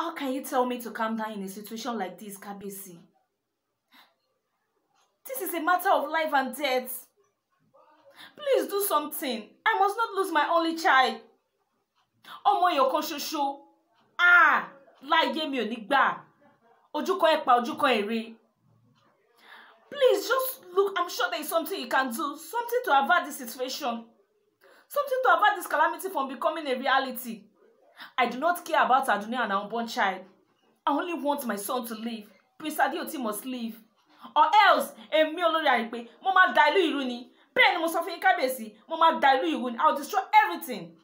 How can you tell me to calm down in a situation like this, Kabisi? This is a matter of life and death. Please do something. I must not lose my only child. Ọmọ èèyàn kan ṣoṣo. Ah! lie Láyé mi ò ní gbà. Ojúkọ ẹ̀pà, ojúkọ èrè. Please just look, I'm sure there is something you can do. Something to avert this situation. Something to avert this calamity from becoming a reality. I do not care about Adunia and our unborn child. I only want my son to live. Prince Adeoti must live. Or else, èmi olórí àrìpé, mo máa da ìlú ìrú ni. Bẹ́ẹ̀ ni mo sọ I will destroy everything.